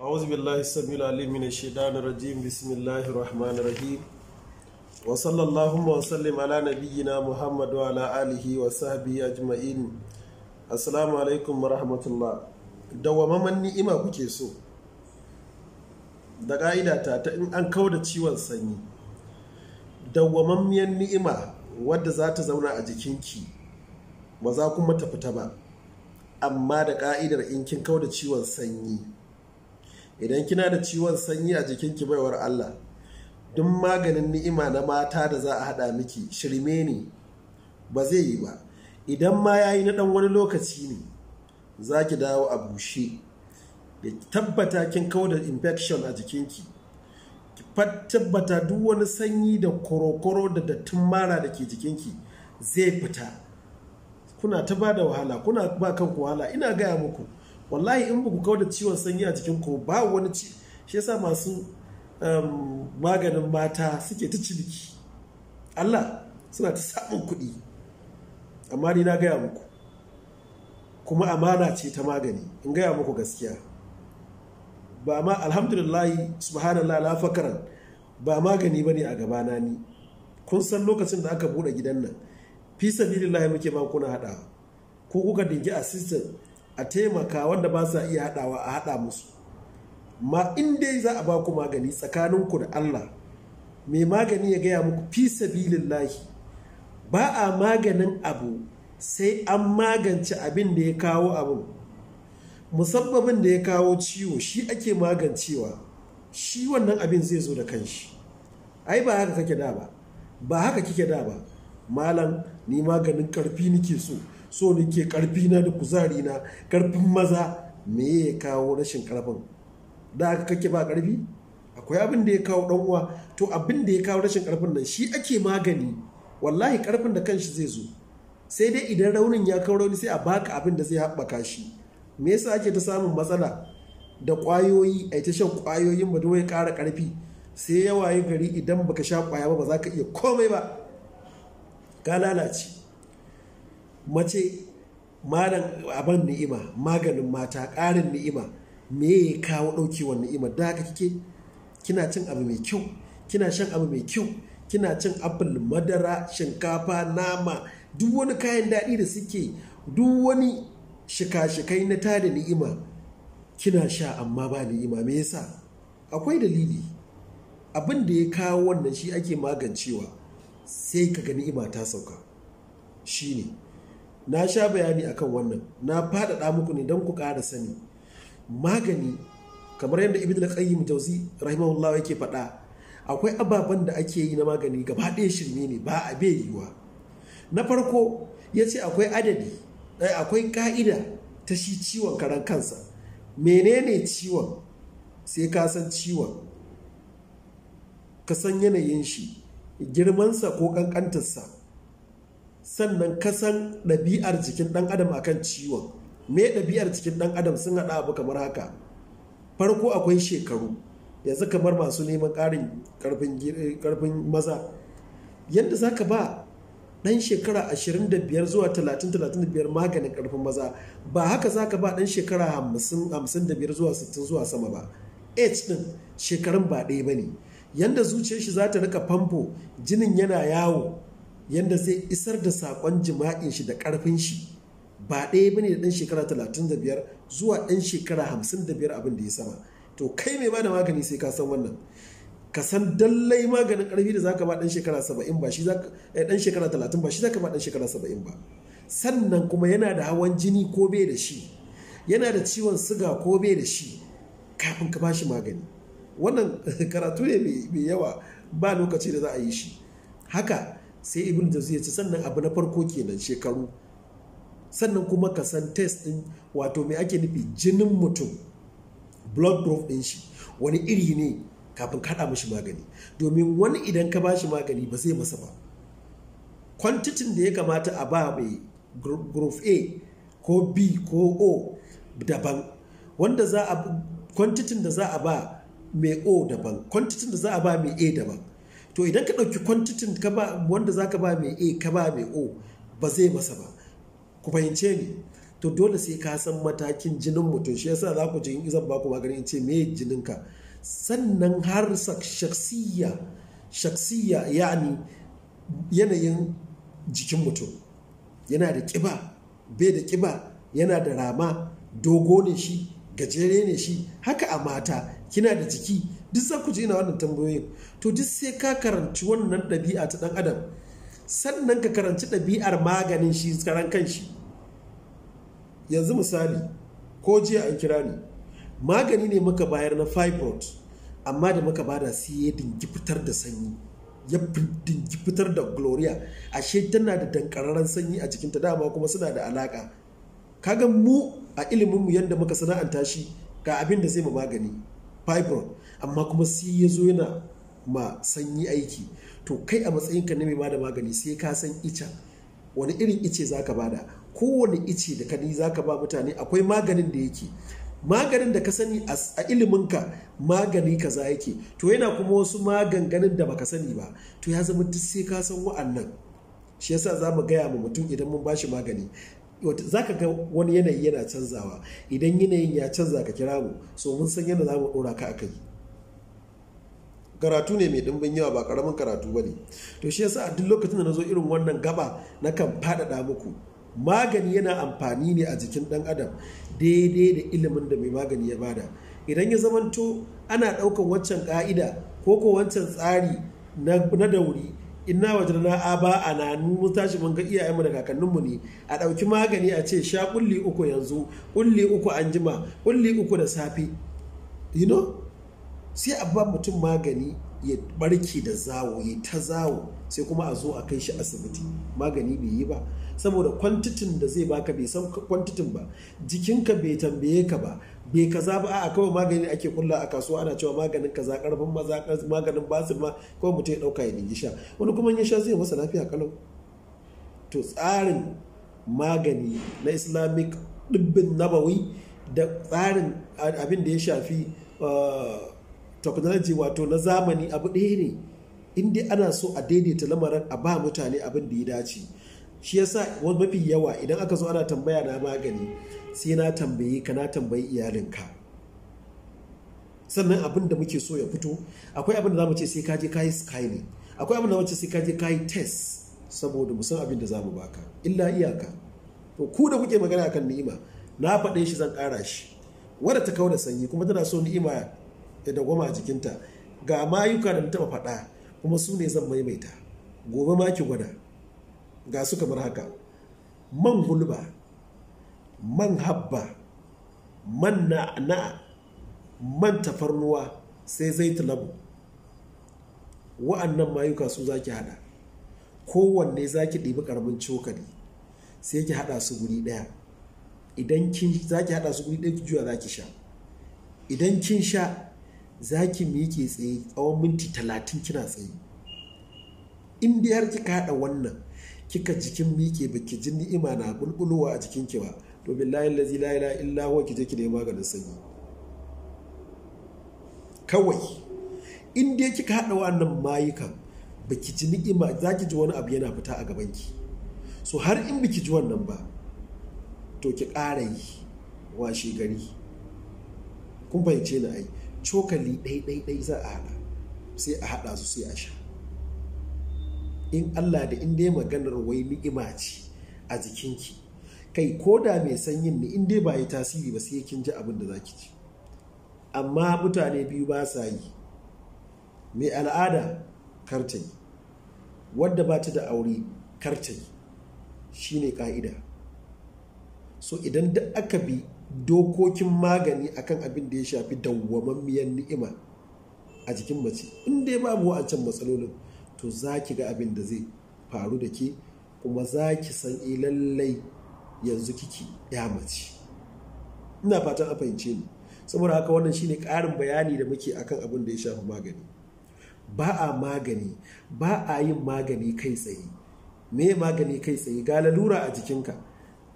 أعوذ بالله السميع العليم من الشيطان الرجيم بسم الله الرحمن الرحيم وصلى اللهم وسلم على نبينا محمد وعلى آله وصحبه أجمعين السلام عليكم ورحمة الله dawwamamman ni'ima kuke so da ƙa'ida ta in an kauda ciwon sanyi dawwamammiyar ni'ima wadda za ta zauna a jikinki ba za kuma ta fita ba amma da ƙa'idar in kin da ciwon sanyi idan kina da ciwon sanyi a jikinki baiwar Allah duk maganin ni'ima na mata da za a haɗa miki shirme ne ba zai yi ba idan ma ya yi na ɗan wani lokaci ne za ki dawo a bushe da tabbata kin kawo da infection a jikinki ki tabbata duk wani sanyi da korokoro da dattin mara da ke jikinki zai fita kuna ta ba da wahala kuna ba kanku wahala ina gaya muku wallahi in ba ku kawar da ciwon sanyi a cikin ku ba wani ci shi yasa masu um, maganin mata suke ta ciniki Allah suna ta samun kuɗi amma ni na gaya muku kuma amana ce ta magani in gaya muku gaskiya ba ma alhamdulillahi subhanallah la fakaran ba magani bane a gabana ni kun san lokacin da aka bude gidan nan fi sabilillah muke ma kuna ku ko kuka dingi assistant a taimaka wanda ba sa iya haɗawa a haɗa musu ma in dai za a ba ku magani tsakaninku da Allah mai magani ya gaya muku fi lahi ba a maganin abu sai an magance abin da ya kawo abin musabbabin da ya kawo ciwo shi ake magancewa shi wannan abin zai zo da kanshi ai ba haka kake da ba ba haka kike da ba malam ni maganin karfi nike so so ke karfi na da kuzari na karfin maza me ya kawo rashin karfin da aka kake ba karfi akwai abin da ya kawo dan uwa to abin da ya kawo rashin karfin nan shi ake magani wallahi karfin da kanshi zai zo sai dai idan raunin ya kawo rauni sai a baka abin da zai haɓaka shi me yasa ake ta samun matsala da ƙwayoyi a ta shan ƙwayoyin ba ya ƙara ƙarfi sai yawaye gari idan baka sha kwaya ba ba za ka iya komai ba ka lalace mace malam abin ni'ima maganin mata ƙarin ni'ima me ya kawo ɗaukewar ni'ima da ka kike kina cin abu mai kyau kina shan abu mai kyau kina cin apple madara shinkafa nama duk wani kayan daɗi da suke duk wani shika-shikai na tada ni'ima kina sha amma ba ni'ima me yasa akwai dalili abin da ya kawo wannan shi ake magancewa sai ka ga ni'ima ta sauka shine na sha bayani akan wannan na faɗaɗa muku ne don ku ƙara sani magani kamar yadda ibn al-qayyim jauzi rahimahullah yake faɗa akwai ababen da ake yi na magani gaba ɗaya shirme ne ba a bai yiwa na farko ya ce akwai adadi eh, akwai ka'ida ta shi ciwon karan kansa menene ciwon sai ka san ciwon ka san yanayin shi girmansa ko ƙanƙantarsa. sannan kasan ɗabi'ar jikin ɗan adam akan ciwon me ɗabi'ar jikin ɗan adam sun haɗa abu kamar haka farko akwai shekaru yanzu kamar masu neman ƙarin ƙarfin maza yadda za ka ba ɗan shekara 25 zuwa 30-35 maganin ƙarfin maza ba haka za ka ba ɗan shekara 55 zuwa 60 zuwa sama ba h ɗin shekarun ba ɗaya ba ne yadda zuciyar shi za ta rika famfo jinin yana yawo yadda zai isar da saƙon jima'in shi da ƙarfin shi ba ɗaya bane da ɗan shekara 35 zuwa ɗan shekara 55 abin da ya sama to kai mai bada magani sai ka san wannan ka san dallai maganin ƙarfi da zaka ba ɗan shekara 70 ba shi zaka eh, ɗan shekara 30 ba shi zaka ba ɗan shekara 70 ba sannan kuma yana da hawan jini ko bai da shi yana da ciwon siga ko bai da shi kafin ka bashi magani wannan karatu ne mai yawa ba lokaci da za a yi shi haka sai ibn jazi ya ce sannan abu na farko kenan shekaru sannan kuma ka san test din wato mai ake nufi jinin mutum blood group din shi wani iri ne kafin haɗa mishi magani domin wani idan ka ba shi magani ba zai masa ba kwantitin da ya kamata a ba mai group A ko B ko O daban wanda kwantitin da za a ba mai O daban kwantitin da za a ba mai A daban to idan ka ɗauki kwantitin wanda za wanda zaka ba mai a ka ba mai o ba zai masa ba ku fahimce ni to dole sai ka san matakin jinin mutum shi yasa za ku ji in zan ba ku magani in ce me jinin ka sannan har shaksiya shaksiya yani yanayin jikin mutum yana da ƙiba bai da kiba yana da rama dogo ne shi gajere ne shi haka a mata kina da jiki duk za ku ji na wannan tambayoyin to duk sai ka karanci wannan ɗabi'a ta ɗan adam sannan ka karanci ɗabi'ar maganin shi karan kan shi yanzu misali ko jiya an kira ni magani ne muka bayar na fibroid amma da muka bada sai ya dingi fitar da sanyi ya dingi fitar da gloria ashe tana da dankararren sanyi a jikinta dama kuma suna da alaka kaga mu a iliminmu yadda muka sana'anta shi ga abin da zai mu magani fibron amma kuma si ya zo yana ma sanyi aiki to kai a matsayinka na mai bada magani sai ka san ica wani irin ice za ka bada kowane ice da kani za ka ba mutane akwai maganin da yake maganin da ka sani a iliminka magani kaza yake to yana kuma wasu maganganin da baka sani ba to ya zama duk sai ka san wa'annan shi yasa za mu gaya ma mutum idan mun ba shi magani za ka ga wani yanayi yana canzawa idan yanayin ya canza ka kira mu so mun san yadda za mu ɗora ka a kai. karatu ne mai ɗimbin yawa ba ƙaramin karatu ba ne to shi yasa a duk lokacin da na zo irin wannan gaba na kan faɗaɗa muku magani yana amfani ne a jikin ɗan adam daidai da ilimin da mai magani ya bada idan ya zamanto ana ɗaukan waccan ƙa'ida ko ko wancan tsari na dauri Ina inna wajadna aba ana mun tashi mun ga iyayenmu da kakanninmu ne a ɗauki magani a ce sha ƙulli uku yanzu ƙulli uku an jima kulli uku da safe you know sai a ba mutum magani ya barke da zawo ya ta zawo sai kuma a zo a kai shi asibiti magani bai yi ba saboda kwantitin da zai baka bai san kwantitin ba jikinka bai tambaye ka ba bai kaza ba a kawai magani ake kulla a kasuwa ana cewa maganin kaza karfin maza maganin basir ma kawai mutum ya dauka ya dingi sha wani kuma ya sha zai masa lafiya kalau to tsarin magani na islamic dubbin nabawi da tsarin abin da ya shafi ah, technology wato na zamani abu ɗaya ne inda ana so a daidaita lamarin a ba mutane abin da ya dace shi yasa wani mafi yawa idan aka zo ana tambaya na magani sai na tambayi ka na tambayi iyalinka sannan abin da muke so ya fito akwai abin da za mu ce sai kaje kayi skyline akwai abin da za sai kaje kayi test saboda mu san abin da za mu baka illa iyaka to ku da kuke magana akan ni'ima na faɗe shi zan ƙara shi wadda ta kawo da sanyi kuma tana so ni'ima da gwama a jikinta ga mayuka da taɓa faɗa kuma su ne zan maimaita gobe ma ki gwada ga su kamar haka man gulba man habba man na'ana man tafarnuwa sai zai talabu wa'annan mayuka su za ki haɗa kowanne za ki ɗibi ƙaramin cokali sai ki haɗa su guri ɗaya idan kin za ki haɗa su guri ɗaya ki juya za ki sha idan kin sha zaki ki miƙe tsaye tsawon minti talatin kina tsaye in dai har kika haɗa wannan kika jikin miƙe baki ji ni'ima na bulbulowa a jikin ki ba to billahi lazi la ilaha illa huwa ki je ki nema maganin sanyi kawai in dai kika haɗa wannan mayukan baki ji ni'ima za ji wani abu yana fita a gaban ki so har in biki ji wannan ba to ki ƙara yi washe gari kun fahimce ni ai cokali ɗai-ɗai za a haɗa sai a hada su sai a sha in allah da in dai maganar wai ni'ima ce a ki kai ko da mai sanyin ne in dai ba yi tasiri ba sai kin ji abin da zaki ki ci amma mutane biyu ba sa yi mai al'ada karta yi wadda ba ta da aure karta yi shine ka'ida so idan duk aka bi dokokin magani akan abin da ya shafi miyan ni'ima a jikin mace in dai babu wa'ancan matsalolin to za ki ga abin da zai faru da ke kuma za ki san eh, lallai yanzu kiki ya mace ina fatan a fahimce ni saboda haka wannan shine ƙarin bayani da muke akan abin da ya shafi magani ba a magani ba a yin magani kai tsaye me magani kai tsaye ga lalura a jikinka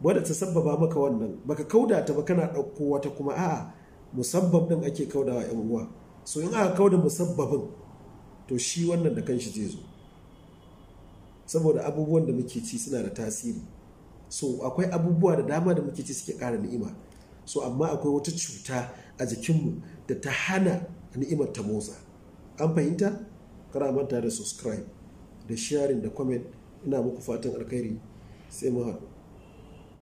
wadda ta sabbaba maka wannan baka kauda ta ba kana ɗauko wata kuma a'a musabbab ɗin ake kaudawa yan uwa so in aka kauda musabbabin to shi wannan da kanshi zai zo saboda abubuwan da muke ci suna da tasiri so akwai abubuwa da dama da muke ci suke ƙara ni'ima so amma akwai wata cuta a jikinmu da ta hana ni'imar ta motsa an fahimta kana manta da subscribe da sharing da comment ina muku fatan alkhairi sai mu haɗu